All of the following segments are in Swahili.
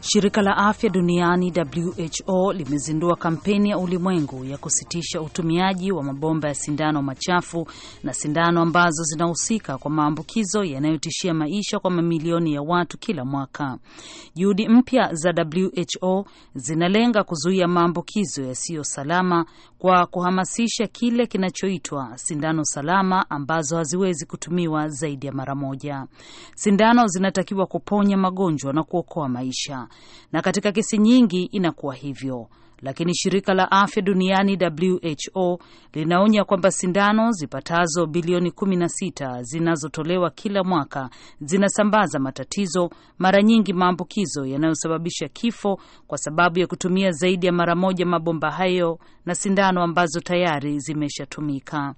Shirika la afya duniani WHO limezindua kampeni ya ulimwengu ya kusitisha utumiaji wa mabomba ya sindano machafu na sindano ambazo zinahusika kwa maambukizo yanayotishia maisha kwa mamilioni ya watu kila mwaka. Juhudi mpya za WHO zinalenga kuzuia maambukizo yasiyo salama kwa kuhamasisha kile kinachoitwa sindano salama ambazo haziwezi kutumiwa zaidi ya mara moja. Sindano zinatakiwa kuponya magonjwa na kuokoa maisha na katika kesi nyingi inakuwa hivyo. Lakini shirika la afya duniani WHO linaonya kwamba sindano zipatazo bilioni 16 zinazotolewa kila mwaka zinasambaza matatizo, mara nyingi maambukizo yanayosababisha kifo, kwa sababu ya kutumia zaidi ya mara moja mabomba hayo na sindano ambazo tayari zimeshatumika.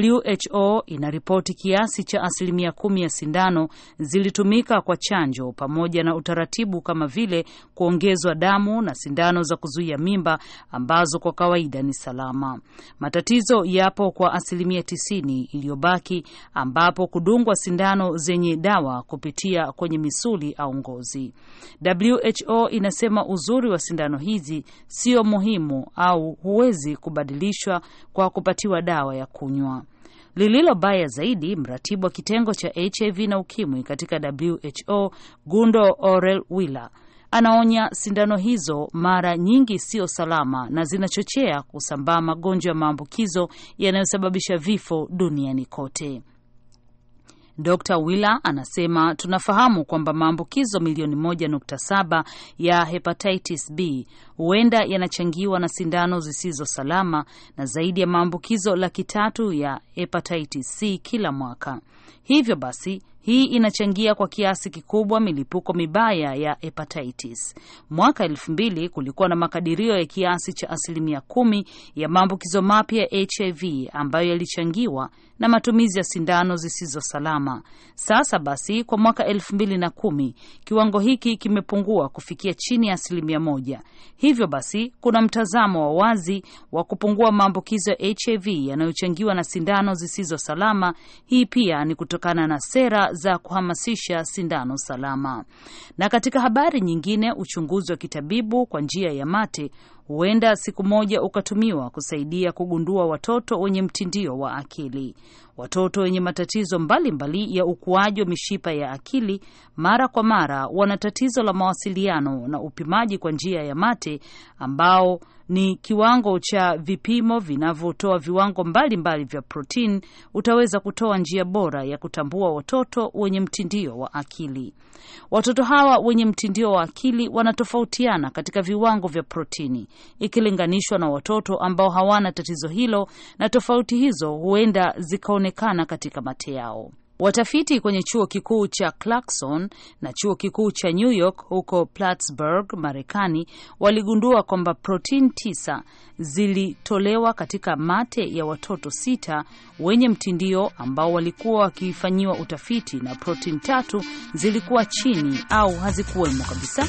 WHO inaripoti kiasi cha asilimia kumi ya sindano zilitumika kwa chanjo pamoja na utaratibu kama vile kuongezwa damu na sindano za kuzuia mimba ambazo kwa kawaida ni salama. Matatizo yapo kwa asilimia tisini iliyobaki ambapo kudungwa sindano zenye dawa kupitia kwenye misuli au ngozi. WHO inasema uzuri wa sindano hizi sio muhimu au huwezi kubadilishwa kwa kupatiwa dawa ya ku kunywa. Lililo baya zaidi, mratibu wa kitengo cha HIV na ukimwi katika WHO Gundo Orel wille anaonya sindano hizo mara nyingi sio salama na zinachochea kusambaa magonjwa ya maambukizo yanayosababisha vifo duniani kote. Dr Willer anasema tunafahamu kwamba maambukizo milioni 1.7 ya hepatitis B huenda yanachangiwa na sindano zisizo salama na zaidi ya maambukizo laki tatu ya hepatitis C kila mwaka. Hivyo basi hii inachangia kwa kiasi kikubwa milipuko mibaya ya hepatitis. Mwaka elfu mbili kulikuwa na makadirio ya kiasi cha asilimia kumi ya maambukizo mapya ya HIV ambayo yalichangiwa na matumizi ya sindano zisizo salama. Sasa basi kwa mwaka elfu mbili na kumi kiwango hiki kimepungua kufikia chini ya asilimia moja. Hivyo basi kuna mtazamo wa wazi wa kupungua maambukizo ya HIV yanayochangiwa na sindano zisizo salama. Hii pia ni kutokana na sera za kuhamasisha sindano salama. Na katika habari nyingine, uchunguzi wa kitabibu kwa njia ya mate huenda siku moja ukatumiwa kusaidia kugundua watoto wenye mtindio wa akili. Watoto wenye matatizo mbalimbali mbali ya ukuaji wa mishipa ya akili mara kwa mara wana tatizo la mawasiliano na upimaji kwa njia ya mate ambao ni kiwango cha vipimo vinavyotoa viwango mbalimbali mbali vya protini, utaweza kutoa njia bora ya kutambua watoto wenye mtindio wa akili. Watoto hawa wenye mtindio wa akili wanatofautiana katika viwango vya protini ikilinganishwa na watoto ambao hawana tatizo hilo, na tofauti hizo huenda zikaonekana katika mate yao. Watafiti kwenye chuo kikuu cha Clarkson na chuo kikuu cha New York huko Plattsburgh, Marekani, waligundua kwamba protini tisa zilitolewa katika mate ya watoto sita wenye mtindio ambao walikuwa wakifanyiwa utafiti, na protini tatu zilikuwa chini au hazikuwemo kabisa.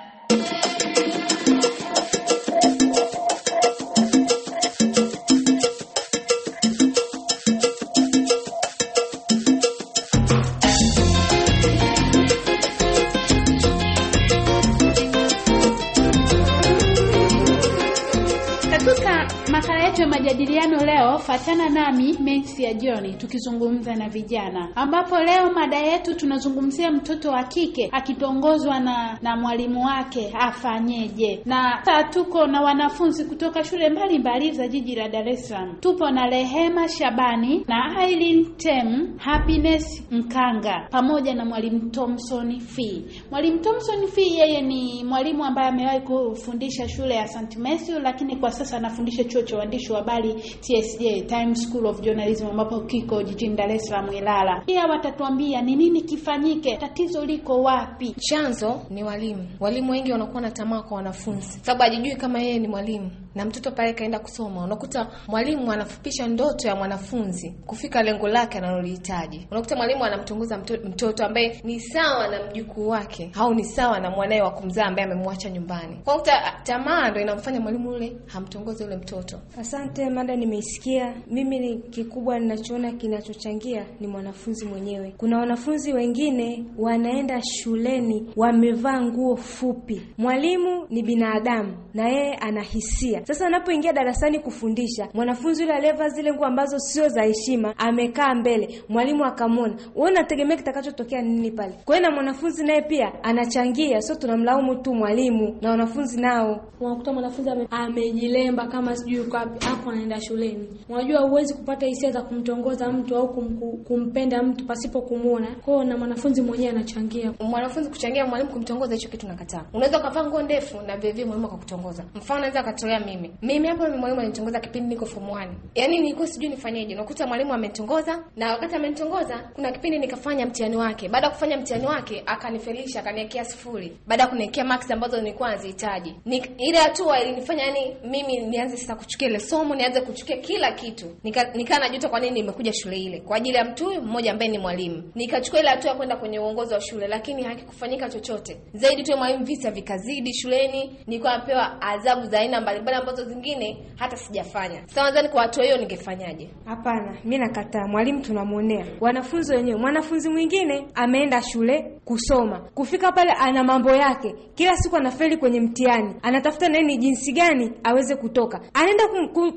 Wakati majadiliano leo, fatana nami Mensi ya Joni tukizungumza na vijana, ambapo leo mada yetu tunazungumzia mtoto wa kike akitongozwa na na mwalimu wake afanyeje, na tuko na wanafunzi kutoka shule mbalimbali za jiji la Dar es Salaam. Tupo na Rehema Shabani na Aileen Tem, Happiness Mkanga pamoja na mwalimu Thompson Fee. Mwalimu Thompson Fee yeye ni mwalimu ambaye amewahi kufundisha shule ya St. Matthew, lakini kwa sasa anafundisha chuo cha uandishi waandishi wa habari TSJ, Times School of Journalism ambapo kiko jijini Dar es Salaam Ilala. Pia watatuambia ni nini kifanyike, tatizo liko wapi? Chanzo ni walimu. Walimu wengi wanakuwa na tamaa kwa wanafunzi, sababu hajijui kama yeye ni mwalimu na mtoto pale kaenda kusoma, unakuta mwalimu anafupisha ndoto ya mwanafunzi kufika lengo lake analolihitaji. Unakuta mwalimu anamtunguza mtoto, mtoto ambaye ni sawa na mjukuu wake au ni sawa na mwanaye wa kumzaa ambaye amemwacha nyumbani. Unakuta tamaa ndo inamfanya mwalimu yule hamtongoze yule mtoto. Asante mada, nimeisikia. Mimi ni kikubwa ninachoona kinachochangia ni mwanafunzi mwenyewe. Kuna wanafunzi wengine wanaenda shuleni wamevaa nguo fupi. Mwalimu ni binadamu na yeye anahisia kujifunzia. Sasa anapoingia darasani kufundisha, mwanafunzi yule aliyevaa zile nguo ambazo sio za heshima amekaa mbele, mwalimu akamwona, wewe unategemea kitakachotokea nini pale? Kwa hiyo na mwanafunzi naye pia anachangia, sio tunamlaumu tu mwalimu na wanafunzi nao. Unakuta mwanafunzi amejilemba kama sijui yuko wapi, hapo anaenda shuleni. Unajua huwezi kupata hisia za kumtongoza mtu au kum, kumpenda mtu pasipo kumuona. Kwa hiyo na mwanafunzi mwenyewe anachangia, mwanafunzi kuchangia mwalimu kumtongoza, hicho kitu nakataa. Unaweza ukavaa nguo ndefu na vilevile mwalimu akakutongoza. Mfano anaweza akatolea mimi. Mimi hapo mimi mwalimu alinitongoza kipindi niko form 1. Yaani nilikuwa sijui nifanyeje. Nakuta mwalimu amenitongoza na wakati amenitongoza kuna kipindi nikafanya mtihani wake. Baada ya kufanya mtihani wake akanifelisha, akaniwekea sifuri. Baada ya kuniwekea marks ambazo nilikuwa nazihitaji. Ni, ile hatua ilinifanya yani mimi nianze sasa kuchukia ile somo, nianze kuchukia kila kitu. Nikaa nika najuta kwa nini nimekuja shule ile. Kwa ajili ya mtu mmoja ambaye ni mwalimu. Nikachukua ile hatua kwenda kwenye uongozi wa shule lakini hakikufanyika chochote. Zaidi tu mwalimu visa vikazidi shuleni. Nilikuwa napewa adhabu za aina mbalimbali ambazo zingine hata sijafanya. Sasa nadhani kwa watu hiyo ningefanyaje? Hapana, mi nakataa. Mwalimu tunamwonea, wanafunzi wenyewe. Mwanafunzi mwingine ameenda shule kusoma, kufika pale ana mambo yake, kila siku anafeli kwenye mtihani, anatafuta nani jinsi gani aweze kutoka, anaenda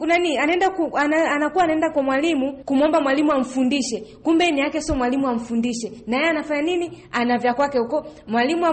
nani, anaenda anakuwa anaenda kwa mwalimu kumwomba mwalimu amfundishe, kumbe ni yake, sio mwalimu amfundishe, na yeye anafanya nini? Ana vya kwake huko, mwalimu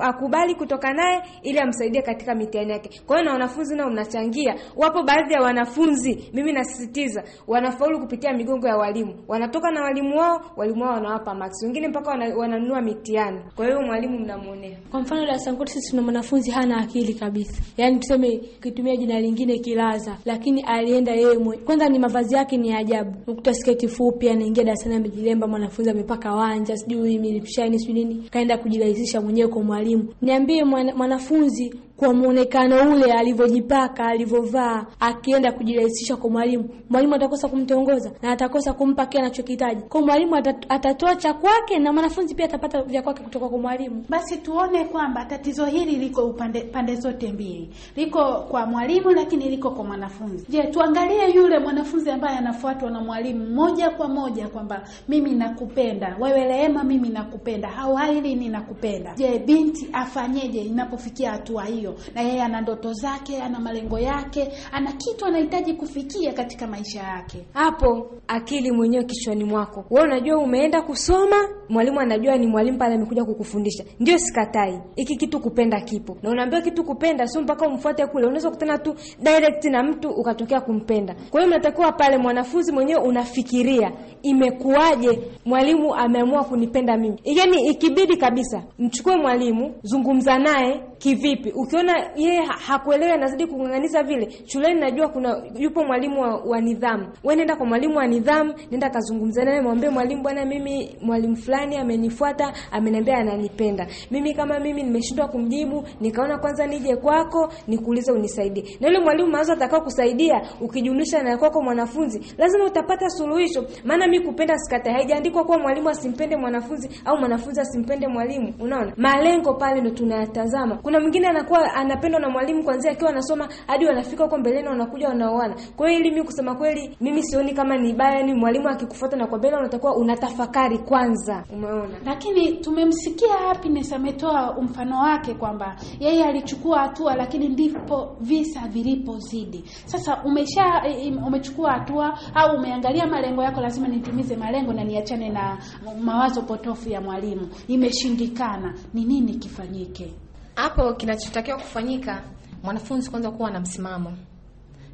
akubali kutoka naye ili amsaidie katika mitihani yake. Kwa hiyo na wanafunzi wanafunzi nao mnachangia. Wapo baadhi ya wanafunzi, mimi nasisitiza, wanafaulu kupitia migongo ya walimu, wanatoka na walimu wao, walimu wao wanawapa max, wengine mpaka wananunua mitihani. Kwa hiyo mwalimu mnamwonea. Kwa mfano darasa kwetu sisi tuna mwanafunzi hana akili kabisa, yaani tuseme kitumia jina lingine kilaza, lakini alienda yeye mwe. Kwanza ni mavazi yake ni ajabu, ukuta sketi fupi, anaingia darasani amejilemba, mwanafunzi amepaka wanja, sijui mimi milipshani, sijui nini, kaenda kujirahisisha mwenyewe kwa mwalimu. Niambie mwanafunzi kwa muonekano ule alivyojipaka, alivyovaa, akienda kujirahisisha kwa mwalimu, mwalimu atakosa kumtongoza na atakosa kumpa kile anachokihitaji. Kwa mwalimu atatoa cha kwake na mwanafunzi pia atapata vya kwake kutoka kwa mwalimu. Basi tuone kwamba tatizo hili liko upande pande zote mbili, liko kwa mwalimu lakini liko kwa mwanafunzi. Je, tuangalie yule mwanafunzi ambaye anafuatwa na mwalimu moja kwa moja kwamba mimi nakupenda wewe, Rehema, mimi nakupenda au ni nakupenda. Je, binti afanyeje inapofikia hatua hiyo? hiyo, na yeye ana ndoto zake, ana malengo yake, ana kitu anahitaji kufikia katika maisha yake. Hapo akili mwenyewe kichwani mwako wewe unajua umeenda kusoma mwalimu anajua ni mwalimu pale amekuja kukufundisha. Ndio, sikatai hiki kitu, kupenda kipo, na unaambiwa kitu kupenda sio mpaka umfuate kule. Unaweza kukutana tu direct na mtu ukatokea kumpenda. Kwa hiyo mnatakiwa pale mwanafunzi mwenyewe unafikiria imekuwaje mwalimu ameamua kunipenda mimi. Yaani ikibidi kabisa mchukue mwalimu, zungumza naye kivipi. Ukiona yeye hakuelewi anazidi kung'ang'aniza vile, shuleni najua kuna yupo mwalimu wa, wa nidhamu. Wewe nenda kwa mwalimu wa nidhamu, nenda kazungumza naye, mwambie mwalimu, bwana mimi mwalimu fulani fulani amenifuata, ameniambia ananipenda. Mimi kama mimi nimeshindwa kumjibu, nikaona kwanza nije kwako nikuulize unisaidie. Na yule mwalimu mawazo atakao kusaidia ukijumlisha na kwako mwanafunzi, lazima utapata suluhisho. Maana mimi kupenda sikata, haijaandikwa kuwa mwalimu asimpende mwanafunzi au mwanafunzi asimpende mwalimu. Unaona? Malengo pale ndo tunayatazama. Kuna mwingine anakuwa anapendwa na mwalimu kwanza akiwa anasoma hadi wanafika huko mbeleni wanakuja wanaoana. Kwa hiyo ili mimi kusema kweli mimi sioni kama ni baya, ni mwalimu akikufuata na kwa bela, unatakuwa unatafakari kwanza umeona. Lakini tumemsikia Happiness ametoa mfano wake kwamba yeye alichukua hatua, lakini ndipo visa vilipozidi. Sasa umesha eh, eh, umechukua hatua au umeangalia malengo yako, lazima nitimize malengo na niachane na mawazo potofu ya mwalimu. Imeshindikana, ni nini kifanyike hapo? Kinachotakiwa kufanyika, mwanafunzi kwanza kuwa na msimamo,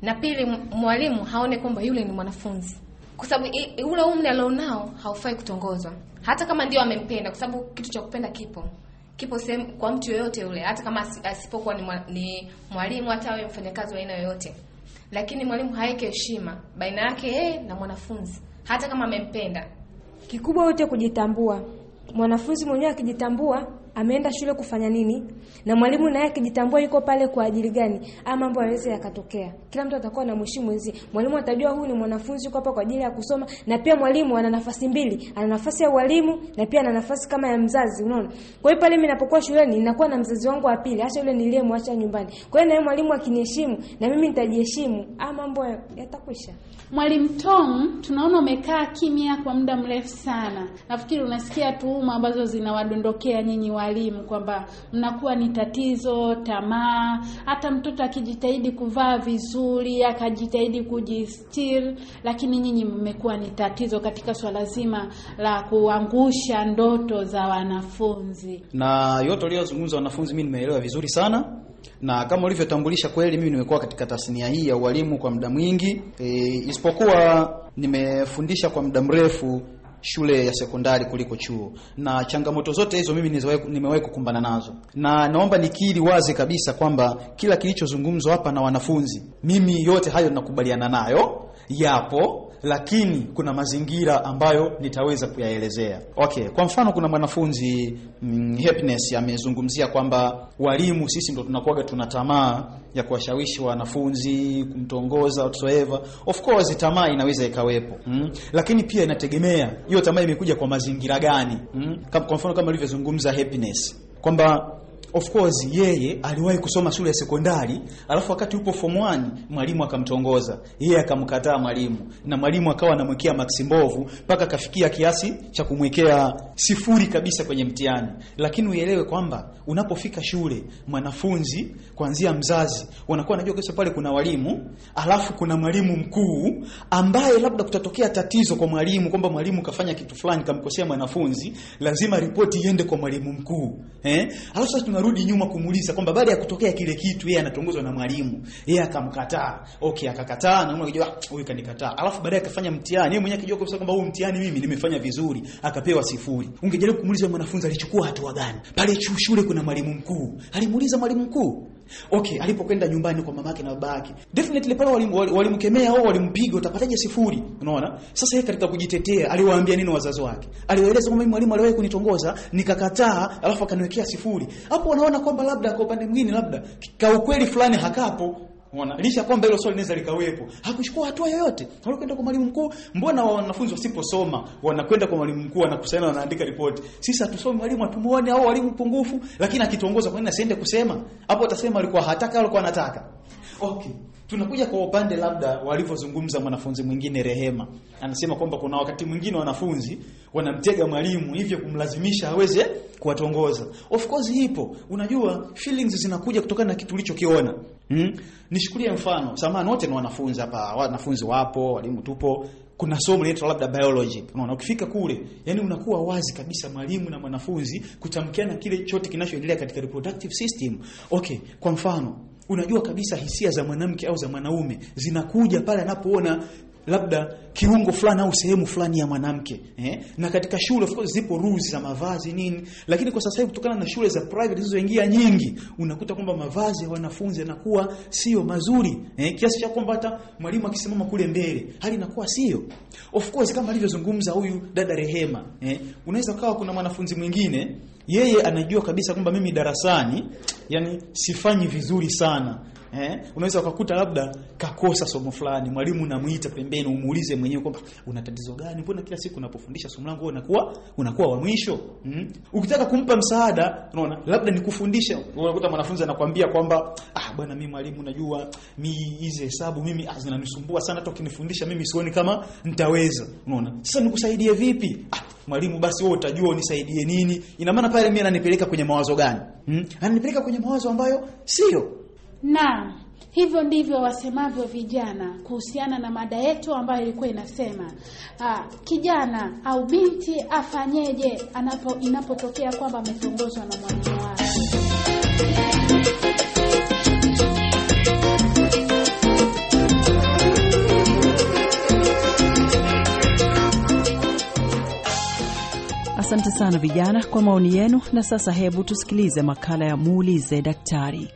na pili mwalimu haone kwamba yule ni mwanafunzi, kwa sababu ule umri alionao haufai kutongozwa hata kama ndio amempenda, kwa sababu kitu cha kupenda kipo kipo sehemu kwa mtu yoyote yule, hata kama asipokuwa ni, ni mwalimu, hata awe mfanyakazi wa aina yoyote, lakini mwalimu haweke heshima baina yake yeye na mwanafunzi, hata kama amempenda. Kikubwa yote kujitambua, mwanafunzi mwenyewe akijitambua ameenda shule kufanya nini, na mwalimu naye akijitambua yuko pale kwa ajili gani, ama mambo yaweze yakatokea. Kila mtu atakuwa na mheshimu wenzie. Mwalimu atajua huyu ni mwanafunzi yuko hapa kwa ajili ya kusoma, na pia mwalimu ana nafasi mbili, ana nafasi ya walimu na pia ana nafasi kama ya mzazi, unaona. Kwa hiyo pale mimi ninapokuwa shuleni ninakuwa na mzazi wangu wa pili, hasa yule niliyemwacha nyumbani. Kwa hiyo na yeye mwalimu akiniheshimu na mimi nitajiheshimu, ama mambo yatakwisha. Mwalimu Tom, tunaona umekaa kimya kwa muda mrefu sana. Nafikiri unasikia tuhuma ambazo zinawadondokea nyinyi wa walimu kwamba mnakuwa ni tatizo, tamaa. Hata mtoto akijitahidi kuvaa vizuri, akajitahidi kujistiri, lakini nyinyi mmekuwa ni tatizo katika swala zima la kuangusha ndoto za wanafunzi. Na yote uliyozungumza wanafunzi, mimi nimeelewa vizuri sana na kama ulivyotambulisha kweli, mimi nimekuwa katika tasnia hii ya ualimu kwa muda mwingi e, isipokuwa nimefundisha kwa muda mrefu shule ya sekondari kuliko chuo, na changamoto zote hizo mimi nimewahi kukumbana nazo, na naomba nikiri wazi kabisa kwamba kila kilichozungumzwa hapa na wanafunzi, mimi yote hayo nakubaliana nayo, yapo lakini kuna mazingira ambayo nitaweza kuyaelezea. Okay, kwa mfano kuna mwanafunzi mm, Happiness amezungumzia kwamba walimu sisi ndo tunakuwaga tuna tamaa ya kuwashawishi wanafunzi kumtongoza whatsoever. Of course tamaa inaweza ikawepo mm, lakini pia inategemea hiyo tamaa imekuja kwa mazingira gani mm. Kwa mfano kama alivyozungumza Happiness kwamba Of course yeye aliwahi kusoma shule ya sekondari, alafu wakati yupo form 1 mwalimu akamtongoza yeye, akamkataa mwalimu, na mwalimu akawa anamwekea maksi mbovu mpaka akafikia kiasi cha kumwekea sifuri kabisa kwenye mtihani. Lakini uelewe kwamba unapofika shule, mwanafunzi kuanzia mzazi wanakuwa anajua kesho pale kuna walimu, alafu kuna mwalimu mkuu ambaye labda kutatokea tatizo kwa mwalimu kwamba mwalimu kafanya kitu fulani kamkosea mwanafunzi, lazima ripoti iende kwa mwalimu mkuu eh, alafu sasa akarudi nyuma kumuuliza kwamba baada ya kutokea kile kitu yeye anatongozwa na mwalimu, yeye akamkataa. Okay, akakataa na unajua ah, huyu kanikataa. Alafu baadaye akafanya mtihani, yeye mwenyewe akijua kabisa kwamba huu mtihani mimi nimefanya vizuri, akapewa sifuri. Ungejaribu kumuuliza mwanafunzi alichukua hatua gani? Pale shule kuna mwalimu mkuu. Alimuuliza mwalimu mkuu, Okay, alipokwenda nyumbani kwa mamake na babake, definitely pale walimkemea wali au walimpiga, utapataje sifuri? Unaona, sasa yeye katika kujitetea aliwaambia nini wazazi wake? Aliwaeleza kwamba mwalimu aliwahi kunitongoza nikakataa, alafu akaniwekea sifuri. Hapo wanaona kwamba labda kwa upande mwingine, labda kwa ukweli fulani hakapo Unaona? Lisha kwamba hilo swali linaweza likawepo. Hakuchukua hatua yoyote. Walikwenda kwa mwalimu mkuu, mbona wanafunzi wasiposoma wanakwenda kwa mwalimu mkuu anakusanya wanaandika ripoti. Sisi hatusomi mwalimu atumuone au walimu pungufu, lakini akituongoza kwa nini asiende kusema? Hapo atasema alikuwa hataka au alikuwa anataka. Okay. Tunakuja kwa upande labda walivyozungumza mwanafunzi mwingine Rehema, anasema kwamba kuna wakati mwingine wanafunzi wanamtega mwalimu, hivyo kumlazimisha aweze kuwatongoza. Of course ipo, unajua feelings zinakuja kutokana na kitu ulichokiona. Hmm? Nishukulie mfano, samahani, wote ni wanafunzi hapa, wanafunzi wapo, walimu tupo. Kuna somo linaitwa labda biology. Unaona, ukifika kule, yani unakuwa wazi kabisa mwalimu na mwanafunzi kutamkiana kile chote kinachoendelea katika reproductive system. Okay, kwa mfano Unajua kabisa hisia za mwanamke au za mwanaume zinakuja pale anapoona labda kiungo fulani au sehemu fulani ya mwanamke eh? Na katika shule of course zipo rules za mavazi nini, lakini kwa sasa hivi kutokana na shule za private zilizoingia nyingi, unakuta kwamba mavazi ya wanafunzi yanakuwa sio mazuri eh? Kiasi cha kwamba hata mwalimu akisimama kule mbele hali inakuwa sio of course, kama alivyozungumza huyu dada Rehema eh? Unaweza kawa kuna mwanafunzi mwingine yeye anajua kabisa kwamba mimi darasani yani sifanyi vizuri sana Eh, unaweza ukakuta labda kakosa somo fulani, mwalimu unamuita pembeni umuulize mwenyewe kwamba una tatizo gani? Mbona kila siku unapofundisha somo langu wewe unakuwa unakuwa wa mwisho? Mm. Ukitaka kumpa msaada, unaona labda nikufundishe. Unakuta mwanafunzi anakuambia kwamba ah, bwana mimi mwalimu, najua mimi hizi hesabu mimi ah, zinanisumbua sana, hata ukinifundisha mimi sioni kama nitaweza. Unaona? Sasa nikusaidie vipi? Ah, mwalimu basi wewe utajua unisaidie nini? Ina maana pale mimi ananipeleka kwenye mawazo gani? Mm. Ananipeleka kwenye mawazo ambayo sio Naam, hivyo ndivyo wasemavyo vijana kuhusiana na mada yetu ambayo ilikuwa inasema aa, ah, kijana au binti afanyeje anapo inapotokea kwamba ametongozwa na mwalimu wake. Asante sana vijana kwa maoni yenu, na sasa hebu tusikilize makala ya muulize daktari.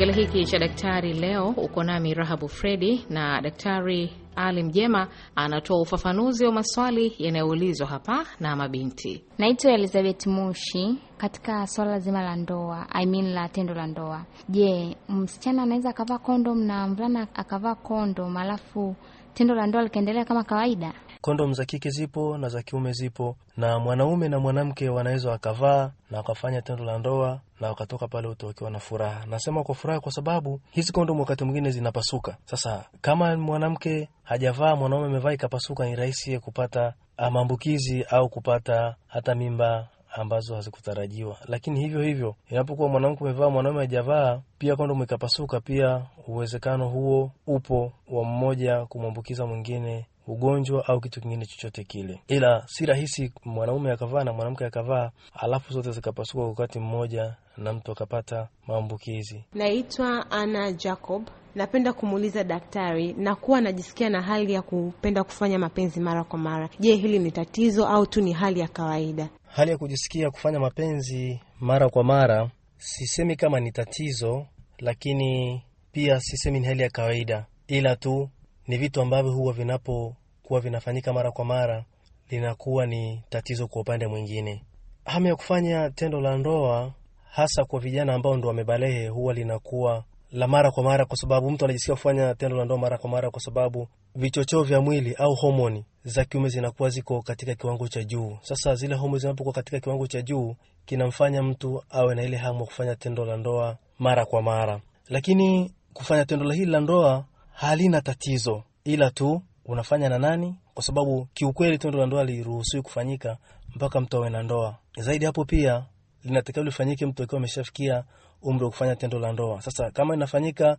Kipengele hiki cha daktari leo uko nami Rahabu Fredi na Daktari Ali Mjema anatoa ufafanuzi wa maswali yanayoulizwa hapa na mabinti. Naitwa Elizabeth Mushi. Katika swala zima la ndoa, I mean la tendo la ndoa, je, msichana anaweza akavaa kondom na mvulana akavaa kondom alafu tendo la ndoa likaendelea kama kawaida? Kondom za kike zipo na za kiume zipo, na mwanaume na mwanamke wanaweza wakavaa na wakafanya tendo la ndoa na wakatoka pale wote wakiwa na furaha. Nasema kwa furaha kwa sababu hizi kondom wakati mwingine zinapasuka. Sasa kama mwanamke hajavaa, mwanaume amevaa ikapasuka, ni rahisi kupata ah, maambukizi au kupata hata mimba ambazo hazikutarajiwa. Lakini hivyo hivyo, inapokuwa mwanamke umevaa, mwanaume hajavaa, pia kondomu ikapasuka, pia uwezekano huo upo wa mmoja kumwambukiza mwingine ugonjwa au kitu kingine chochote kile, ila si rahisi mwanaume akavaa na mwanamke akavaa alafu zote zikapasuka wakati mmoja na mtu akapata maambukizi. Naitwa Ana Jacob. Napenda kumuuliza daktari, na kuwa najisikia na hali ya kupenda kufanya mapenzi mara kwa mara. Je, hili ni tatizo au tu ni hali ya kawaida? Hali ya kujisikia kufanya mapenzi mara kwa mara, sisemi kama ni tatizo, lakini pia sisemi ni hali ya kawaida, ila tu ni vitu ambavyo huwa vinapo kuwa vinafanyika mara kwa mara linakuwa ni tatizo kwa upande mwingine. Hamu ya kufanya tendo la ndoa hasa kwa vijana ambao ndo wamebalehe huwa linakuwa la mara kwa mara, kwa sababu mtu anajisikia kufanya tendo la ndoa mara kwa mara kwa sababu vichochoo vya mwili au homoni za kiume zinakuwa ziko katika kiwango cha juu. Sasa zile homoni zinapokuwa katika kiwango cha juu, kinamfanya mtu awe na ile hamu ya kufanya tendo la ndoa mara kwa mara. Lakini kufanya tendo hili la ndoa halina tatizo, ila tu unafanya na nani, kwa sababu kiukweli tendo la ndoa liruhusiwi kufanyika mpaka mtu awe na ndoa. Zaidi hapo pia linatakiwa lifanyike mtu akiwa ameshafikia umri wa kufanya tendo la ndoa. Sasa kama inafanyika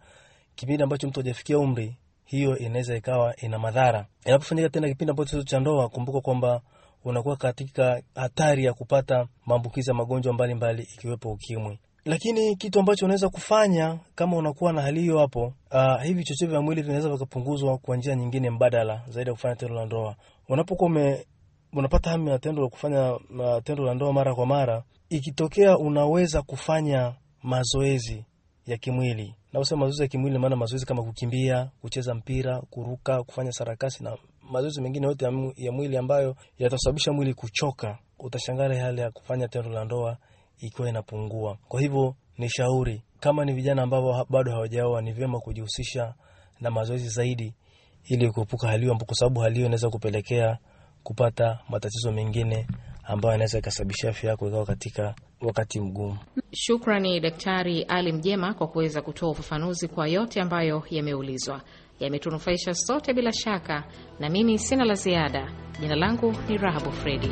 kipindi ambacho mtu hajafikia umri, hiyo inaweza ikawa ina madhara. Inapofanyika tena kipindi ambacho cha ndoa, kumbuka kwamba unakuwa katika hatari ya kupata maambukizi ya magonjwa mbalimbali ikiwepo ukimwi. Lakini kitu ambacho unaweza kufanya kama unakuwa na hali hiyo hapo, uh, hivi chochote vya mwili vinaweza vikapunguzwa kwa njia nyingine mbadala zaidi ya kufanya tendo la ndoa. Unapokuwa ume unapata hamu ya tendo la kufanya uh, tendo la ndoa mara kwa mara, ikitokea unaweza kufanya mazoezi ya kimwili. Na usema mazoezi ya kimwili maana mazoezi kama kukimbia, kucheza mpira, kuruka, kufanya sarakasi na mazoezi mengine yote ya mwili ambayo yatasababisha mwili kuchoka. Utashangaa hali ya kufanya tendo la ndoa ikiwa inapungua. Kwa hivyo ni shauri, kama ni vijana ambao bado hawajaoa, ni vyema kujihusisha na mazoezi zaidi ili kuepuka hali hiyo, kwa sababu hali hiyo inaweza kupelekea kupata matatizo mengine ambayo anaweza ikasababisha afya yako ikawa katika wakati mgumu. Shukrani Daktari Ali Mjema kwa kuweza kutoa ufafanuzi kwa yote ambayo yameulizwa, yametunufaisha sote bila shaka, na mimi sina la ziada. Jina langu ni Rahabu Fredi.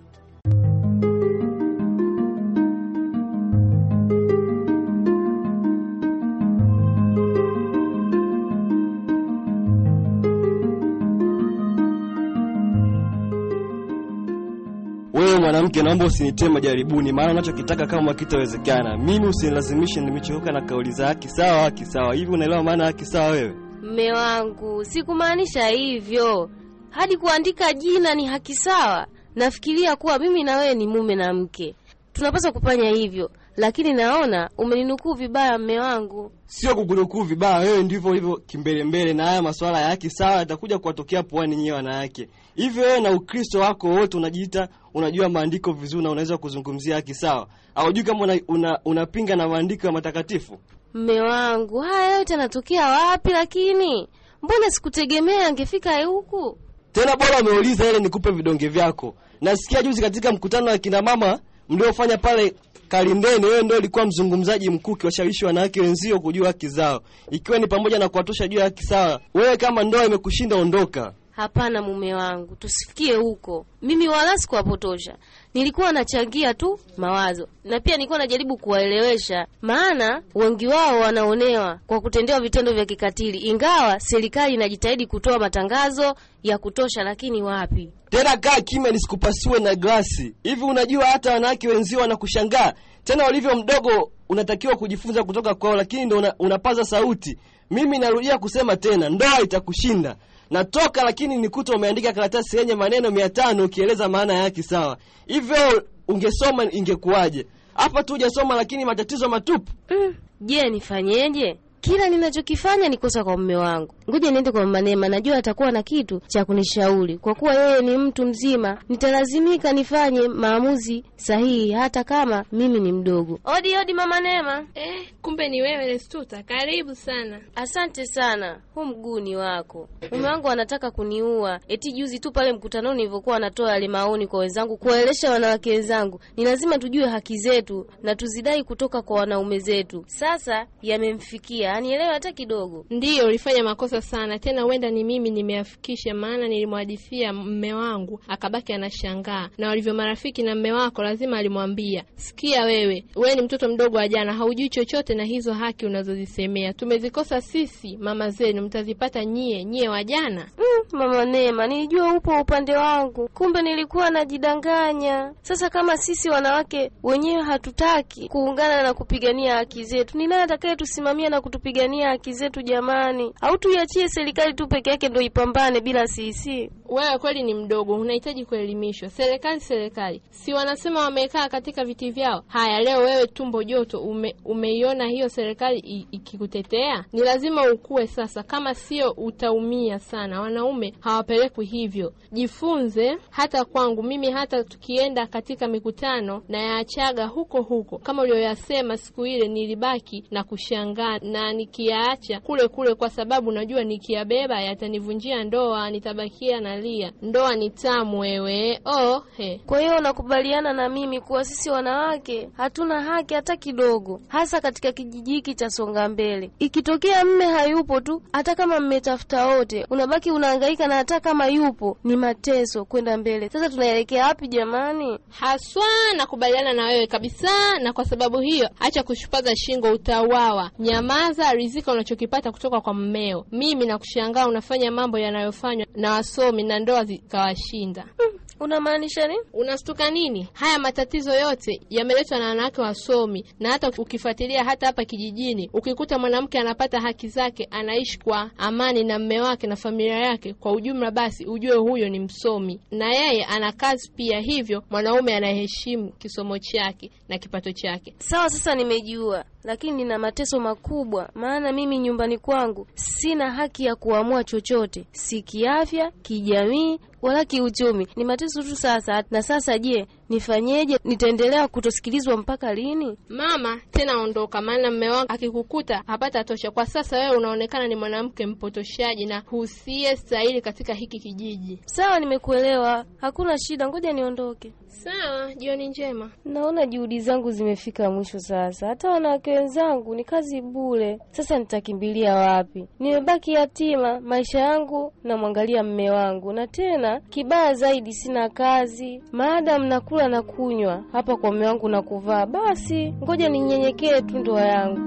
mwanamke, naomba usinitie majaribuni, maana unachokitaka kama kitawezekana. Mimi usinilazimishe, nimechoka na kauli za haki sawa, haki sawa. Hivi unaelewa maana haki sawa wewe? Mme wangu, sikumaanisha hivyo. Hadi kuandika jina ni haki sawa. Nafikiria kuwa mimi na wewe ni mume na mke, tunapaswa kufanya hivyo, lakini naona umeninukuu vibaya, mme wangu. Sio kukunukuu vibaya, wewe ndivyo ulivyo kimbelembele, na haya masuala ya haki sawa yatakuja kuwatokea puani nyewe wanawake. Hivyo wewe na Ukristo wako wote unajiita unajua maandiko vizuri na unaweza kuzungumzia haki sawa. Haujui kama una, una, unapinga na maandiko ya matakatifu. Mme wangu, haya yote anatokea wapi lakini? Mbona sikutegemea angefika huku? Tena bora ameuliza ile nikupe vidonge vyako. Nasikia juzi katika mkutano wa kina mama mliofanya pale Kalindeni, wewe ndio ulikuwa mzungumzaji mkuu kiwashawishi wanawake wenzio kujua haki zao, ikiwa ni pamoja na kuwatosha juu ya haki sawa. Wewe kama ndoa imekushinda, ondoka. Hapana mume wangu, tusifikie huko. Mimi wala sikuwapotosha, nilikuwa nachangia tu mawazo na pia nilikuwa najaribu kuwaelewesha, maana wengi wao wanaonewa kwa kutendewa vitendo vya kikatili, ingawa serikali inajitahidi kutoa matangazo ya kutosha, lakini wapi tena. Kaa kimya nisikupasiwe na glasi. Hivi unajua hata wanawake wenzio wanakushangaa tena, ulivyo mdogo unatakiwa kujifunza kutoka kwao, lakini ndo una, unapaza sauti. Mimi narudia kusema tena, ndoa itakushinda natoka, lakini nikuta umeandika karatasi yenye maneno mia tano ukieleza maana yake sawa. Hivyo ungesoma ingekuwaje? Hapa tu ujasoma lakini matatizo matupu. Mm, je, mm, nifanyeje? Kila ninachokifanya ni kosa kwa mume wangu ngoja niende kwa mama Neema, najua atakuwa na kitu cha kunishauri, kwa kuwa yeye ni mtu mzima. Nitalazimika nifanye maamuzi sahihi, hata kama mimi ni mdogo. Odi odi, mama Neema. Eh, kumbe ni wewe Lestuta, karibu sana. Asante sana, huu mguu ni wako. Mume wangu anataka kuniua. Eti juzi tu pale mkutanoni nilivyokuwa natoa yale maoni kwa wenzangu, kuwaelesha wanawake wenzangu, ni lazima tujue haki zetu na tuzidai kutoka kwa wanaume zetu. Sasa yamemfikia, anielewe hata kidogo. Ndiyo, ulifanya makosa sana, tena huenda ni mimi nimeafikisha maana nilimwadithia mme wangu akabaki anashangaa. Na walivyo marafiki na mme wako, lazima alimwambia, sikia wewe, wewe ni mtoto mdogo wa jana, haujui chochote, na hizo haki unazozisemea tumezikosa sisi, mama zenu mtazipata nyie, nyie jana. Mm, mama Neema, nilijua upo upande wangu, kumbe nilikuwa najidanganya. Sasa kama sisi wanawake wenyewe hatutaki kuungana na kupigania haki zetu, ni nani atakayetusimamia na kutupigania haki zetu? Jamani, au tu tuiachie serikali tu peke yake ndio ipambane bila sisi. Wewe kweli ni mdogo, unahitaji kuelimishwa. Serikali serikali, si wanasema wamekaa katika viti vyao? Haya, leo wewe tumbo joto, ume, umeiona hiyo serikali ikikutetea? Ni lazima ukue sasa, kama sio utaumia sana. Wanaume hawapelekwi hivyo. Jifunze hata kwangu mimi, hata tukienda katika mikutano na yaachaga huko huko kama ulioyasema siku ile, nilibaki na kushangaa na nikiyaacha kule kule, kwa sababu najua najua nikiyabeba yatanivunjia ndoa, nitabakia nalia, ndoa ni tamu wewe. Oh, he. Kwa hiyo unakubaliana na mimi kuwa sisi wanawake hatuna haki hata kidogo, hasa katika kijiji hiki cha Songa Mbele. Ikitokea mme hayupo tu, hata kama mmetafuta wote, unabaki unahangaika, na hata kama yupo ni mateso kwenda mbele. Sasa tunaelekea wapi jamani? Haswa nakubaliana na wewe kabisa, na kwa sababu hiyo acha kushupaza shingo, utawawa. Nyamaza, rizika unachokipata kutoka kwa mmeo mimi na kushangaa unafanya mambo yanayofanywa na wasomi na ndoa zikawashinda. Hmm, unamaanisha nini? Unastuka nini? Haya matatizo yote yameletwa na wanawake wasomi, na hata ukifuatilia hata hapa kijijini, ukikuta mwanamke anapata haki zake, anaishi kwa amani na mme wake na familia yake kwa ujumla, basi ujue huyo ni msomi na yeye ana kazi pia, hivyo mwanaume anaheshimu kisomo chake na kipato chake. Sawa, sasa nimejua lakini nina mateso makubwa, maana mimi nyumbani kwangu sina haki ya kuamua chochote, si kiafya, kijamii wala kiuchumi. Ni mateso tu sasa. Na sasa je, nifanyeje? Nitaendelea kutosikilizwa mpaka lini? Mama tena ondoka, maana mme wangu akikukuta hapata tosha. Kwa sasa wewe unaonekana ni mwanamke mpotoshaji na husie stahili katika hiki kijiji. Sawa, nimekuelewa, hakuna shida, ngoja niondoke. Sawa, jioni njema. Naona juhudi zangu zimefika mwisho sasa, hata wanawake wenzangu ni kazi bure. Sasa nitakimbilia wapi? Nimebaki yatima, maisha yangu namwangalia mme wangu, na tena kibaya zaidi sina kazi maadamu nakula kula na kunywa hapa kwa mume wangu na kuvaa, basi ngoja ninyenyekee tu ndoa yangu.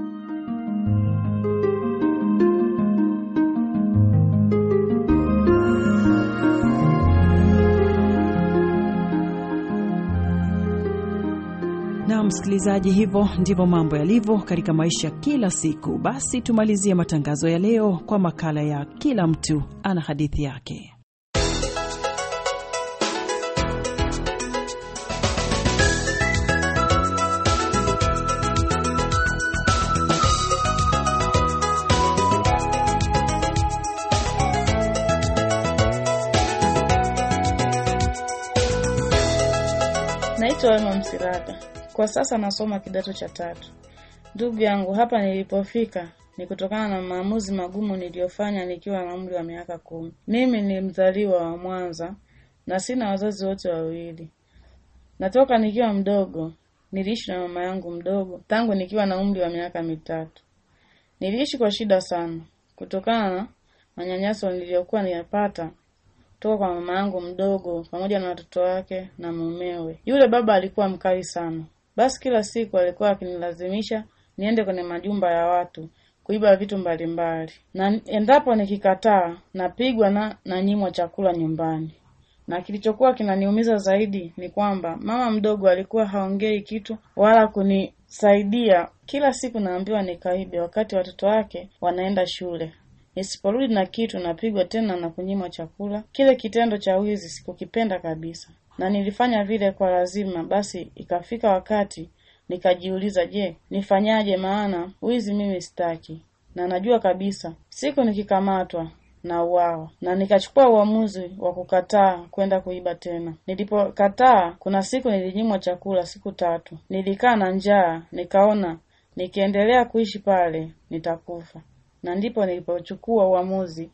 Msikilizaji, hivyo ndivyo mambo yalivyo katika maisha kila siku. Basi tumalizie matangazo ya leo kwa makala ya kila mtu ana hadithi yake. Naitwa Wema msirada kwa sasa nasoma kidato cha tatu. Ndugu yangu, hapa nilipofika ni kutokana na maamuzi magumu niliyofanya nikiwa na umri wa miaka kumi. Mimi ni mzaliwa wa Mwanza na sina wazazi wote wawili. Natoka nikiwa mdogo, niliishi na mama yangu mdogo tangu nikiwa na umri wa miaka mitatu. Niliishi kwa shida sana kutokana na manyanyaso niliyokuwa niyapata kutoka kwa mama yangu mdogo pamoja na watoto wake na mumewe. Yule baba alikuwa mkali sana, basi kila siku alikuwa akinilazimisha niende kwenye majumba ya watu kuiba vitu mbalimbali, na endapo nikikataa napigwa na nanyimwa chakula nyumbani. Na kilichokuwa kinaniumiza zaidi ni kwamba mama mdogo alikuwa haongei kitu wala kunisaidia. Kila siku naambiwa nikaibe, wakati watoto wake wanaenda shule. Nisiporudi na kitu napigwa tena na kunyimwa chakula. Kile kitendo cha wizi sikukipenda kabisa, na nilifanya vile kwa lazima. Basi ikafika wakati nikajiuliza, je, nifanyaje? Maana wizi mimi sitaki, na najua kabisa siku nikikamatwa na uwawa na nikachukua uamuzi wa kukataa kwenda kuiba tena. Nilipokataa, kuna siku nilinyimwa chakula siku tatu. Nilikaa na njaa, nikaona nikiendelea kuishi pale nitakufa na ndipo nilipochukua uamuzi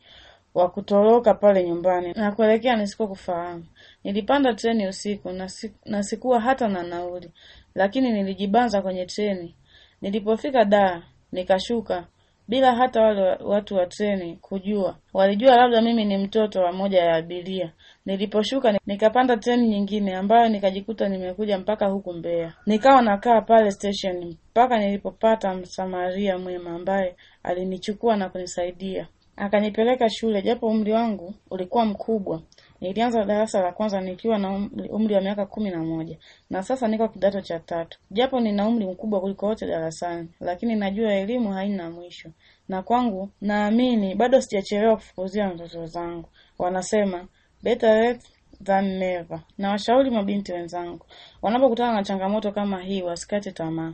wa kutoroka pale nyumbani na kuelekea nisiko kufahamu Nilipanda treni usiku na, na sikuwa hata na nauli, lakini nilijibanza kwenye treni. Nilipofika Dar nikashuka, bila hata wale watu wa treni kujua. Walijua labda mimi ni mtoto wa moja ya abiria. Niliposhuka nikapanda treni nyingine ambayo nikajikuta nimekuja mpaka huku Mbeya. Nikawa nakaa pale station mpaka nilipopata msamaria mwema ambaye alinichukua na kunisaidia akanipeleka shule, japo umri wangu ulikuwa mkubwa, Nilianza darasa la kwanza nikiwa na um-, umri wa miaka kumi na moja na sasa niko kidato cha tatu. Japo nina umri mkubwa kuliko wote darasani, lakini najua elimu haina mwisho, na kwangu naamini bado sijachelewa kufukuzia ndoto zangu. Wanasema better late than never. Na washauri mabinti wenzangu wanapokutana na changamoto kama hii, wasikate tamaa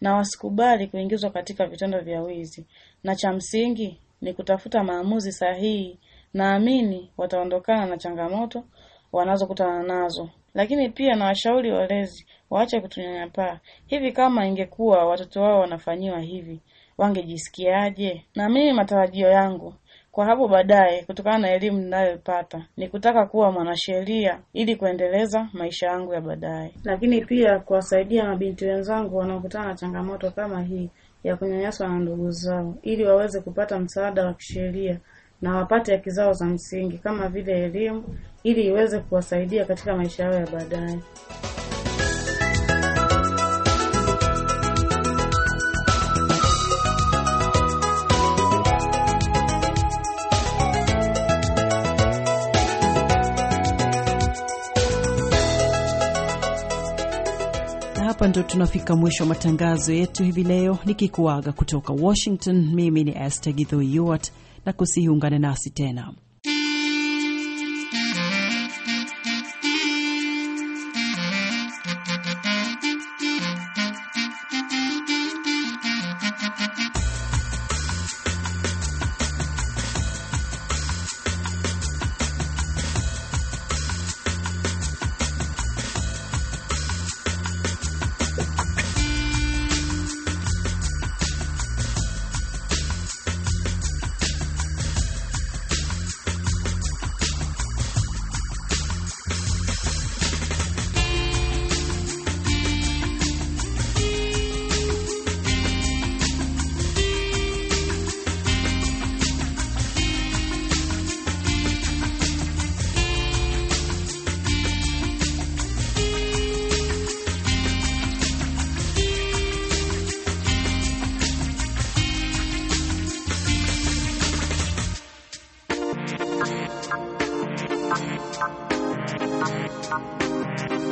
na wasikubali kuingizwa katika vitendo vya wizi, na cha msingi ni kutafuta maamuzi sahihi naamini wataondokana na changamoto wanazokutana nazo, lakini pia na washauri walezi waache kutunyanyapaa. Hivi kama ingekuwa watoto wao wanafanyiwa hivi, wangejisikiaje? Na mimi matarajio yangu kwa hapo baadaye, kutokana na elimu ninayopata, ni kutaka kuwa mwanasheria ili kuendeleza maisha yangu ya baadaye, lakini pia kuwasaidia mabinti wenzangu wanaokutana na changamoto kama hii ya kunyanyaswa na ndugu zao, ili waweze kupata msaada wa kisheria na wapate haki zao za msingi kama vile elimu ili iweze kuwasaidia katika maisha yao ya baadaye. Hapa ndo tunafika mwisho wa matangazo yetu hivi leo, nikikuaga kutoka Washington. Mimi ni Esther Githo Yuart na kusiungane nasi tena.